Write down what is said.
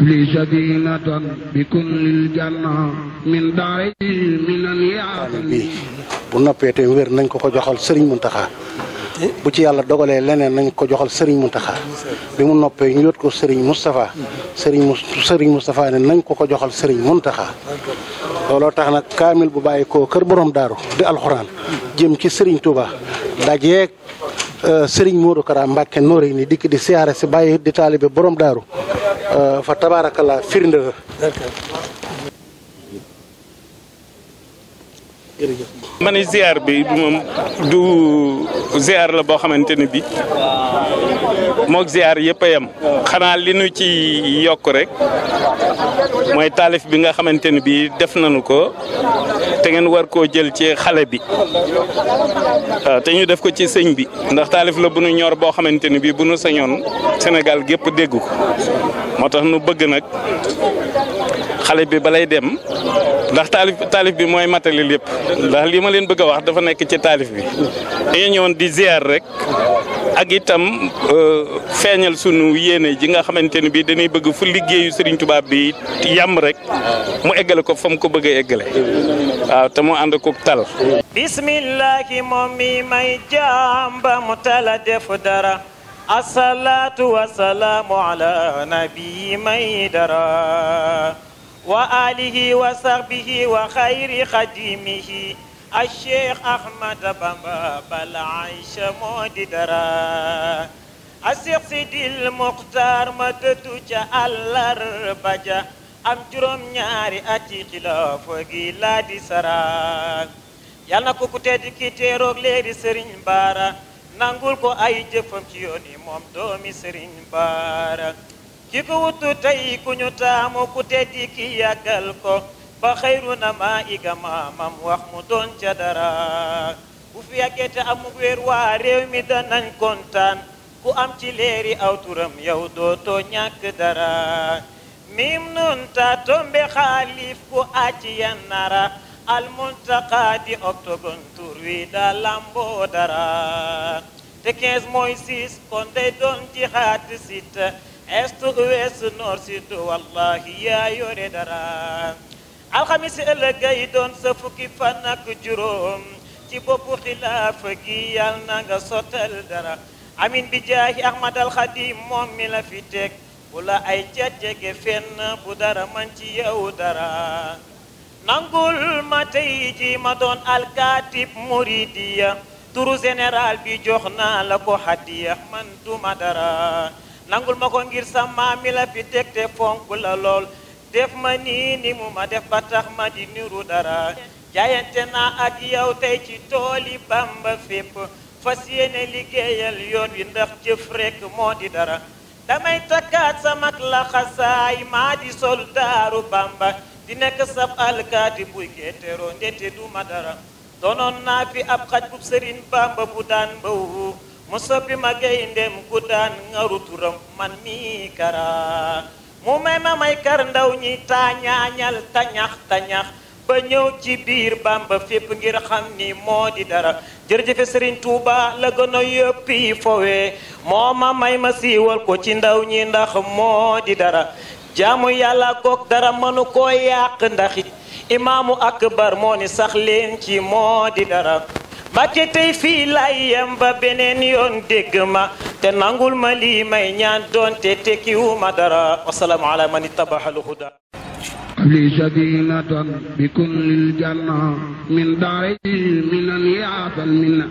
لي سكينة بكل الجنة من bu noppee te wér nañ ko ko joxal Serigne Mountakha bu ci yàlla dogalee leneen nañ ko joxal Serigne Mountakha bi mu noppee ñu yot ko Serigne Moustapha sëriñ Serigne Moustapha ne nañ ko ko joxal Serigne Mountakha looloo tax nag kaamil bu bàyyi koo kër borom daaru di alxuraan jëm ci sëriñ Serigne Touba dajeeg euh, Serigne Modou Kara Mbacke Noreyni dikk di siyaare si bàyyi di taalibe boroom daaru fa tabaarakallaa firnde la jërëjëf. ma ne ziar bi moom du ziar la boo xamante ne bi moog ziar yëpp a yem. xanaa li nu ci yokk rek mooy taalif bi nga xamante ne bi def nañu ko te ngeen war koo jël ci xale bi ah, te ñu def ko ci sëñ bi. ndax taalif la bu nu ñor boo xamante ne bi bu nu sañoon Sénégal gépp déggu ko moo tax nu bëgg nag. xale bi balay dem ndax taalif taalif bi mooy matali lépp ndax li ma leen bëgg a wax dafa nekk ci taalif bi dañu ñëwoon di ziar rek ak itam euh, feeñal sunu yéene ji nga xamante ni bii dañuy bëgg fu liggéeyu Serigne Touba bi yam rek mu eggale ko fa ko bëgg a eggale waaw te mu ànd ko tal bismillahi moom mi may jàmba mu tala def dara asalaatu wasalaamu ala nabi may dara وآله وصحبه وخير خديمه الشيخ أحمد بابا بالعيش موددرا الشيخ سيدي المختار مدتو جا الاربجا am juróom ñaari ati xilaafa gi laa di sara yal na ko ku tedd ki teeroog léegi sëriñ baara nangul ko ay jëfam ci yoon yi moom doomi sëriñ baara ki ko wutu tey ku ñu taamu ku teddi ki yàggal ko ba xayru na maa iga maamam wax mu doon ca dara bu fi yàggee te amug wéer waa réew mi danañ kontaan ku am ci leeri aw turam yow dootoo ñàkk dara mim nun ta tombe xaalif ku àcc yan nara almuntaqa di tur wi daa lamboo dara te 15 mooy 6 doon jihaad sit est ouest nord sud wallahi yaa yore dara alxamis ëllëg ay doon sa fukki fan juróom ci boppu xilaafa gi yal na sottal dara amin bi jaahi ahmad alxadim moom mi la fi teg bu la ay jajjege fen bu dara man ci yow dara nangul ma tey ji ma doon alkaatib muridiya turu général bi jox naa la ko hadiya man duma dara nangul ma ko ngir sa maami la fi teg te fonk la lool def ma nii ni mu ma def ba tax ma di niru dara jaayante naa ak yow tey ci tooli bamba fépp fas yéene liggéeyal yoon wi ndax jëf rekk moo di dara damay takkaat sama laxasaay maa di soldaaru bamba di nekk sab alkaati buy géeteroo ndete ma dara doonoon naa fi ab xaj bu sëriñ bamba bu daan mbawu mu soppi ma gayndeem guddaan ngaru turam man mi kara mu may ma may kar ndaw ñi taañaañal tañax tañax ba ñëw ci biir bamba fépp ngir xam ni moo di dara jërëjëfe sëriñ Touba la gën a yëppi fowee moo ma may ma siiwal ko ci ndaw ñi ndax moo di dara jaamu yàlla goog dara mënu koo yàq ndax imaamu akbar moo ni sax leen ci moo di dara mbàkke tey fii lay yem beneen yoon dégg ma te nangul ma li may ñaan doonte tekkiwu ma dara wasalaamu ala man ittabaxal huda li sadinatan bi kun lil janna min daari minan yaasal minna